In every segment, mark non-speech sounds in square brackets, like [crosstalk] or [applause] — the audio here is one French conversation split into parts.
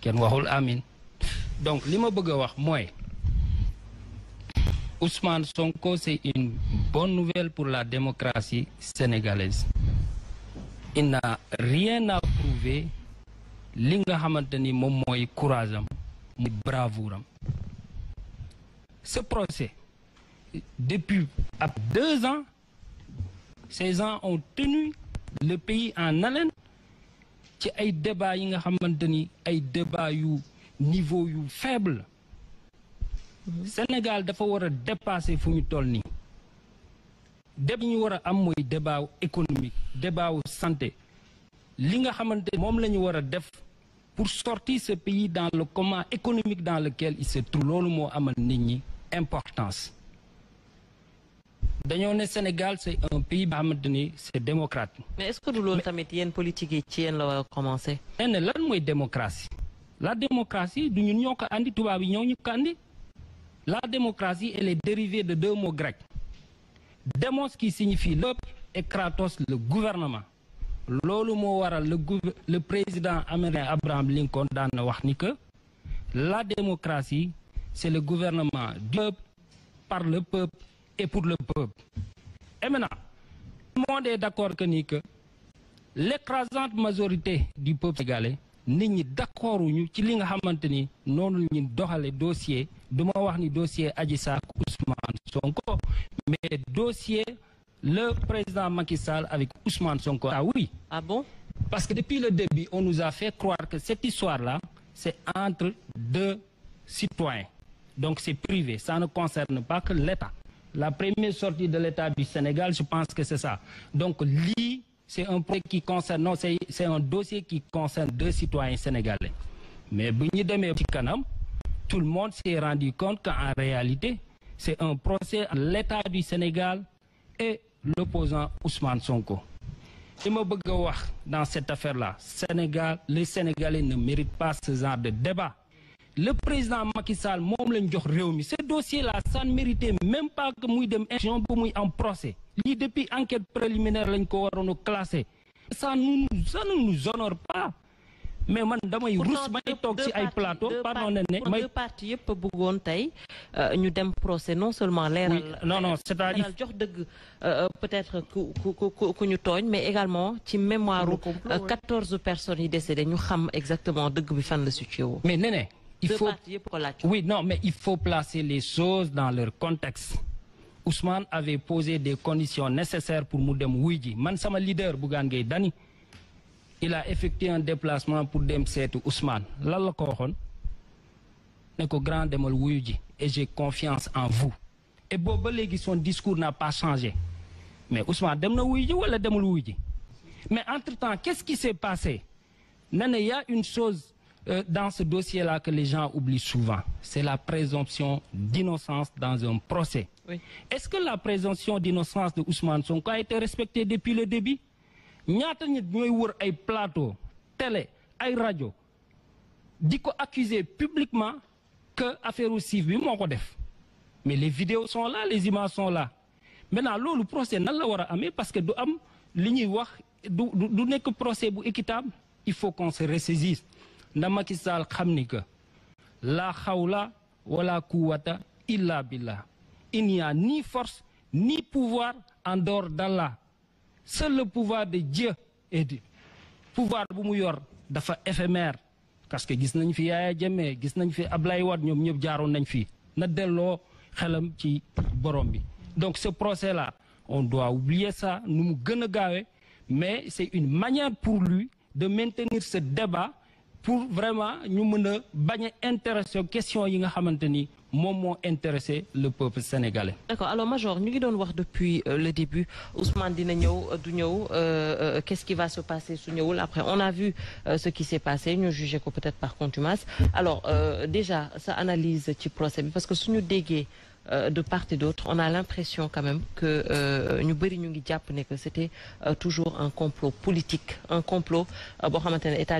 ken waxul amin donc li ma bëgg a Ousmane Sonko c'est une bonne nouvelle pour la démocratie sénégalaise il n'a rien à prouver li nga xamante ni moom courage bravoure ce procès depuis deux ans ces gens ont tenu le pays en haleine ci ay débat yi nga xamanteni ay débat yu niveau yu faible Sénégal dafa war a dépasser fu ñu toll nii débat ñu war am mooy débat économique débat santé li nga xamante moom la ñu def pour sortir ce pays dans le coma économique dans lequel il se trouve loolu moo amal nit ñi importance dañoo ne Sénégal c'est un pays boo xamante est démocrate. mais est ce que du loolu tamit politique yi ci yéen la a commencé. nee na démocratie la démocratie du ñun ñoo andi tubaab ñoo ñu la démocratie elle est dérivée de deux mots grecs Demos qui signifie le peuple et kratos le gouvernement. loolu moo waral le le président américain Abraham Lincoln daan na wax ni que la démocratie c'est le gouvernement du peuple par le peuple et pour le peuple. Et maintenant, tout le monde est d'accord que l'écrasante majorité du peuple sénégalais n'est d'accord nous, nous li dossier nous dossier avec Ousmane Sonko mais dossier le président Macky Sall avec Ousmane Sonko. Ah oui. Ah bon? Parce que depuis le début, on nous a fait croire que cette histoire-là, c'est entre deux citoyens. Donc c'est privé, ça ne concerne pas que l'État. La première sortie de l'État du Sénégal, je pense que c'est ça. Donc, l'I, c'est un projet qui concerne, non, c'est un dossier qui concerne deux citoyens sénégalais. Mais tout le monde s'est rendu compte qu'en réalité, c'est un procès à l'État du Sénégal et l'opposant Ousmane Sonko. Et moi, dans cette affaire-là, Sénégal, les Sénégalais ne méritent pas ce genre de débat le président Macky Sall mom lañ jox ce dossier là ça ne méritait même pas que muy dem élection pour en procès depuis enquête préliminaire lañ ko classer classé ça ne nous honore pas mais man damay rouss may un ci ay plateau pardon né Pour deux parties, yep tay euh, ñu dem procès non seulement leeral non non c'est-à-dire jox euh, peut-être ku nous ku ñu togn mais également ci mémoire 14 euh, personnes sont décédées Nous xam exactement deug bi fan la situé mais Néné il faut, Oui, non, mais il faut placer les choses dans leur contexte. Ousmane avait posé des conditions nécessaires pour Moudem Ouidji. Man, sama leader, Bougan Dani, il a effectué un déplacement pour Dem Setu Ousmane. Là, le grand Demol Ouidji, et j'ai confiance en vous. Et Bobo son discours n'a pas changé. Mais Ousmane, Demna Ouidji ou Demol Mais entre-temps, qu'est-ce qui s'est passé Il y a une chose euh, dans ce dossier-là que les gens oublient souvent, c'est la présomption d'innocence dans un procès. Est-ce que la présomption d'innocence de Ousmane Sonko a été respectée depuis le début Nous avons accusé télé radio, publiquement que l'affaire aussi est bi mais les vidéos sont là les images sont là maintenant le procès nan pas été parce que nous avons li procès équitable il faut qu'on se ressaisisse na Macky Sall la xawla wala illa billah il n'y a ni force ni pouvoir en dehors d'Allah seul le pouvoir de Dieu est dit pouvoir de yor dafa éphémère parce que gis nañ fi Yaya Jammeh gis nañ fi Ablaye Wad, ñoom ñëpp jaaroon nañ fi na qui xelam ci borom bi donc ce procès là on doit oublier ça nous mu gën mais c'est une manière pour lui de maintenir ce débat pour vraiment nous mën à bañ a intéressé question yi nga xamante ni intéresser le peuple sénégalais. d'accord alors major nous ngi voir depuis euh, le début Ousmane dina euh, du euh, qu'est-ce qui va se passer sous nous. après on a vu ce qui s'est passé nous jugé ko peut-être par contumace alors déjà ça analyse ce procès parce que nous déggee. Euh, de part et d'autre on a l'impression quand même que euh, nous que c'était euh, toujours un complot politique un complot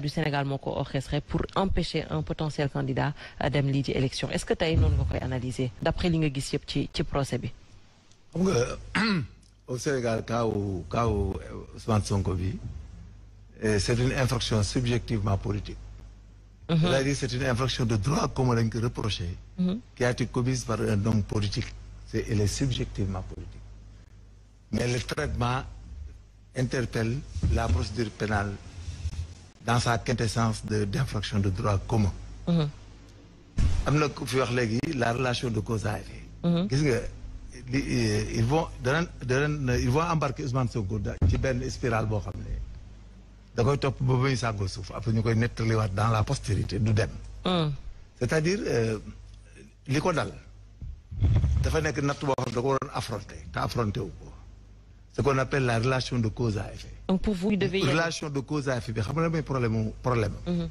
du Sénégal pour empêcher un potentiel candidat à l'élection. est-ce que tu as une d'après li nga procès [clears throat] au Sénégal c'est une infraction subjectivement politique. Uh-huh. cest c'est une infraction de droit, comme on l'a reproché, uh-huh. qui a été commise par un homme politique. Est, elle est subjectivement politique. Mais le traitement interpelle la procédure pénale dans sa quintessence d'infraction de, de, droit commun. Uh-huh. am la relation de cause à effet. Euh, ils vont ils vont embarquer Ousmane qui qui est spirale boo da koy topp ba ba ñu sàggoo après ñu koy dans la postérité du dem. Ah. c'est-à-dire euh, ko dal dafa nekk natt boo xam da ko waroon affronter te affronter wu ko ce qu'on appelle la relation de cause à effet. donc pour vous devez relation de cause à effet bi xam nga mooy problème problème. Mm-hmm.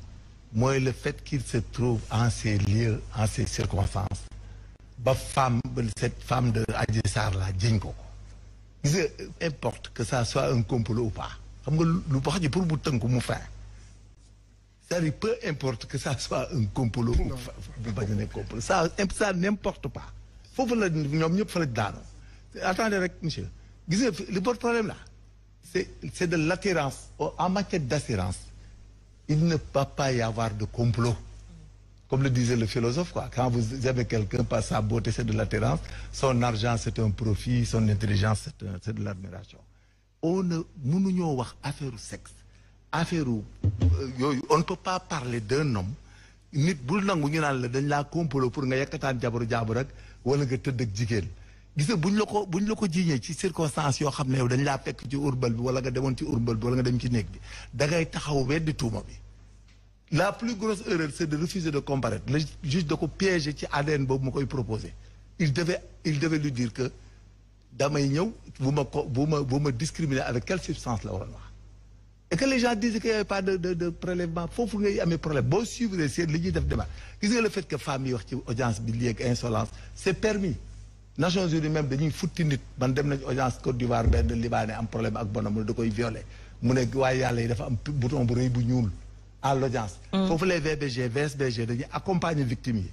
mooy le fait qu'il se trouve en ces lieux en ces circonstances. ba femme cette femme de Adji Sarr la jëñ ko ko. il importe que ça soit un complot ou pas xam le lu wax pour le bouton mu fin peu importe que ça soit un complot ou pas un complot ça n'importe pas Il la que ñëpp fa le daanoo attendez monsieur Le problème là c'est de l'attirance en matière d'assurance. il ne peut pas y avoir de complot comme le disait le philosophe, quand vous avez quelqu'un par sa beauté, c'est de l'attirance, son argent, c'est un profit, son intelligence, c'est de l'admiration on ne mënuñoo wax affaire sexe affaire euh, yoyu on ne peut pas parler d'un homme nit bul nangu ñu naan la dañ la complot pour nga yekkataan jabaru jabu rek wala nga tëdd ak jigen gis buñ la ko buñ la ko jiiñee ci circonstances yo xamné yow dañ la fekk ci urbal bi wala nga demoon ci urbal bi wala nga dem ci néeg bi da ngay taxaw wedd tuuma bi la plus grosse erreur c'est de refuser de comparaître le juge da ko piéger ci ADN bobu mu koy proposé il devait il devait lui dire que damay ñëw bu ma bu discriminer avec quelle substance la waroon wax et que les gens disent qu'il n'y a pas de de de prélèvement foofu ngay un problème boo suivre vous li ñuy def débat ce que le fait que femmes yi wax ci audience bi lii ak insolence c'est permis Nations Unies même dañuy une nit man dem une audience Côte d'Ivoire de Liban, am problème ak bonhomme. da koy violé mu ne violé. yàlla yi dafa am bouton bu rëy bu ñuul à l' audience mm. les VBG VSBG accompagnent les victimes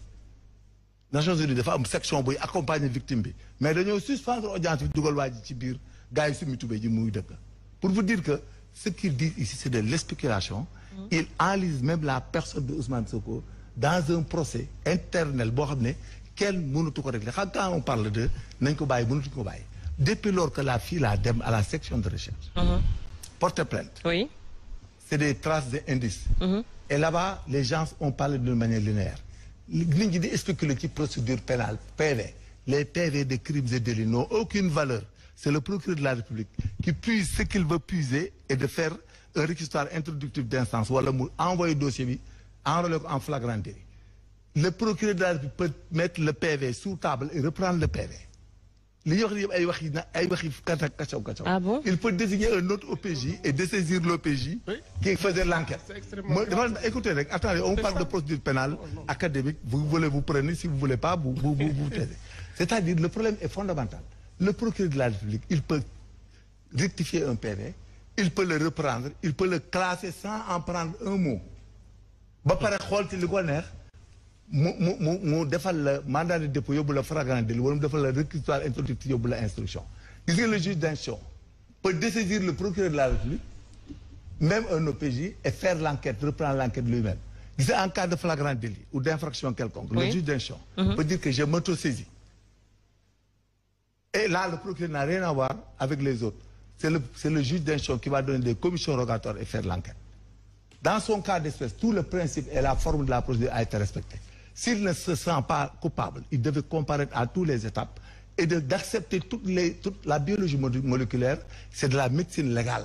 Nations Unies dafa am section boy accompagner victime mais dañoo suspendre audience bi dugal waa ci bir gars yi sumi pour vous dire que ce qu'il dit ici c'est de l'espéculation mmh. il enlise même la personne de Ousmane Soko dans un procès interne bo xamné Quel ko régler quand on parle de nañ ko ko depuis lors que la fille a dem à la section de recherche mmh. porte plainte oui c'est des traces d'indices. indices mmh. et là-bas les gens ont parlé de manière linéaire est-ce que procédure pénale PV les PV de crimes et délits n'ont aucune valeur c'est le procureur de la République qui puise ce qu'il veut puiser et de faire un réquisitoire introductif d'instance ou alors envoyer dossier en flagrant délit le procureur de la République peut mettre le PV sous table et reprendre le PV il peut désigner un autre OPJ et dessaisir l'OPJ. qui faisait l'enquête. écoutez on parle de procédure pénale oh, académique vous voulez vous prenez si vous ne voulez pas vous vous [laughs] taisez. c'est-à-dire le problème est fondamental le procureur de la République il peut rectifier un PV il peut le reprendre il peut le classer sans en prendre un mot mu mu mandat de dépôt yóbbu flagrant délit ou mu defal la réquisitoire instructif instruction le juge d'instruction peut dessaisir le procureur de la République même un OPJ et faire l'enquête reprendre l'enquête lui-même c'est en cas de flagrant délit ou d'infraction quelconque le juge d'instruction champ mm-hmm. mm-hmm. peut dire que je m'autosaisis et là le procureur n'a rien à voir avec les autres c'est le juge le juge qui va donner des commissions rogatoires et faire l'enquête dans son cas d'espèce tout le principe et la forme de la procédure a été respecté s'il ne se sent pas coupable, il devait comparaître à toutes les étapes et d'accepter toute, la biologie moléculaire, c'est de la médecine légale.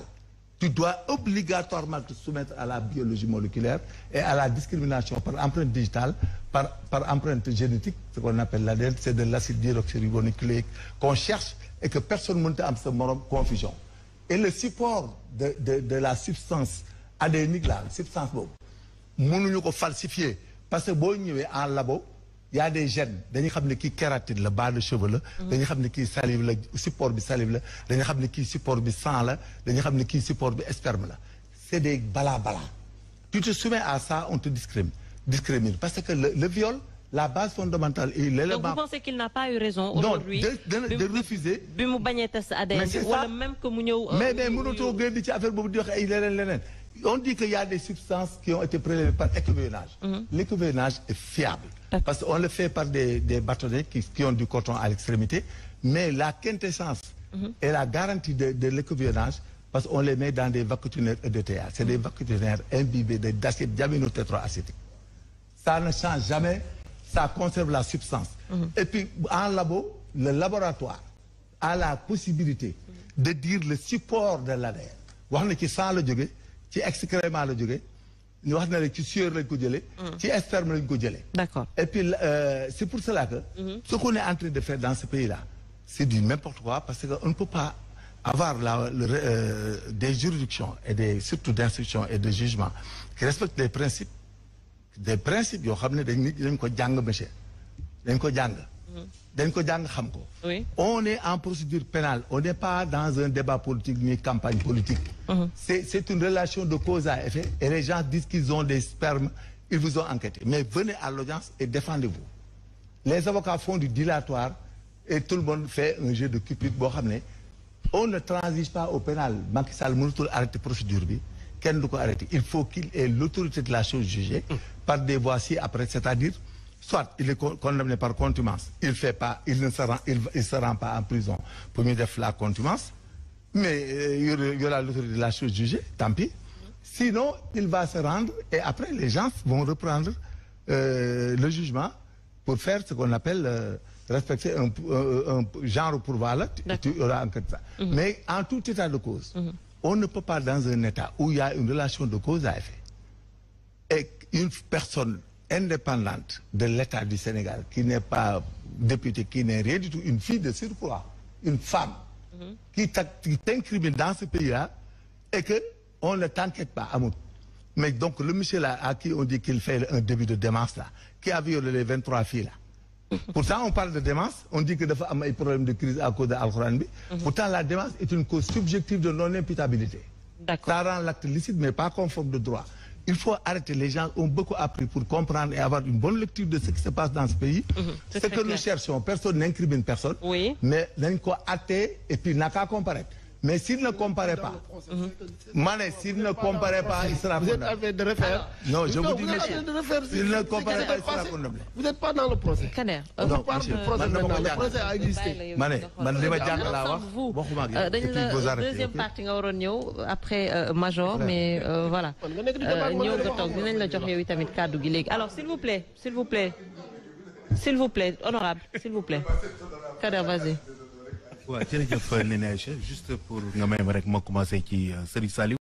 Tu dois obligatoirement te soumettre à la biologie moléculaire et à la discrimination par empreinte digitale, par, empreinte génétique, ce qu'on appelle l'ADN, c'est de l'acide déoxyribonucléique qu'on cherche et que personne ne en ce moment confusion. Et le support de, la substance adénique, la substance, bon, nous falsifier parce que boo il en labo y a des gènes qui qui kératine de cheveux mhm. Des salive support salive sang la sperme c'est des bala tu te soumets à ça on te discrimine parce que le, viol la base fondamentale est l'élément. Donc vous pensez qu'il n'a pas eu raison aujourd'hui de, refuser. même mais mais on dit qu'il y a des substances qui ont été prélevées par écouvillonnage. Mm est fiable. Parce qu'on le fait par des, des bâtonnets qui, ont du coton à l'extrémité. Mais la quintessence mhm. est la garantie de, de parce qu'on les met dans des vacutinaires EDTA. C'est des mhm. vacutinaires imbibés d'acide diaminotétroacétique. Ça ne change jamais, ça conserve la substance. Mhm. Et puis, en labo, le laboratoire a la possibilité de dire le support de l'ADN ci excrément la ñu wax le ci sueur lañ ko mm. ci et puis euh, c'est pour cela que. Mm-hmm. ce qu'on est en train de faire dans ce pays là. c'est du n'importe quoi parce qu'on ne peut pas avoir euh, des juridictions et des surtout d'instruction et de jugement qui respectent les principes des principes yo xamné dañ ko monsieur dañ ko on est en procédure pénale on n'est pas dans un débat politique ni campagne politique. Uh-huh. c'est une relation de cause à effet et les gens disent qu'ils ont des spermes ils vous ont enquêté mais venez à l'audience et défendez-vous les avocats font du dilatoire et tout le monde fait un jeu de cupide on ne transige pas au pénal procédure il faut qu'il ait l'autorité de la chose jugée par des voici après c'est-à-dire soit il est condamné par contumance, il fait pas, il ne se rend, il, se rend pas en prison pour mieux faire la contumance, mais il euh, y aura l'autorité de la chose jugée, tant pis. Sinon, il va se rendre et après les gens vont reprendre euh, le jugement pour faire ce qu'on appelle euh, respecter un, genre pourvoi tu auras ça. Mhm. Mais en tout état de cause, mhm. on ne peut pas dans un état où il y a une relation de cause à effet et une personne indépendante de l'État du Sénégal, qui n'est pas députée, qui n'est rien du tout, une fille de surcroît, une femme, mhm. qui t'incrimine dans ce pays-là, et qu'on ne t'inquiète pas, Amout. Mais donc, le monsieur là, à qui on dit qu'il fait un début de démence, là, qui a violé les 23 filles, là. Mhm. Pourtant, on parle de démence, on dit que y a des problèmes de crise à cause de al mm Pourtant, la démence est une cause subjective de non-imputabilité. Ça rend l'acte licite, mais pas conforme de droit il faut arrêter. Les gens ont beaucoup appris pour comprendre et avoir une bonne lecture de ce qui se passe dans ce pays. Mhm. C'est ce que nous cherchons, personne une personne, mais n'a quoi et puis n'a qu'à comparaître. Mais s'il ne comparait pas, Mané, s'il ne comparait pas, il sera condamné. Vous de refaire. non, je vous dis S'il ne comparait pas, il sera condamné. Vous n'êtes pas dans le procès. on euh, Le procès a existé. Mané, man vais euh, deuxième partie après euh, Major, mais voilà. Alors, s'il vous plaît, s'il vous plaît, s'il vous plaît, honorable, s'il vous plaît. Kader, vas-y. waaw jërëjëf Néné Aïcha juste pour nga may ma rek ma commencé ci euh, Serigne Saliou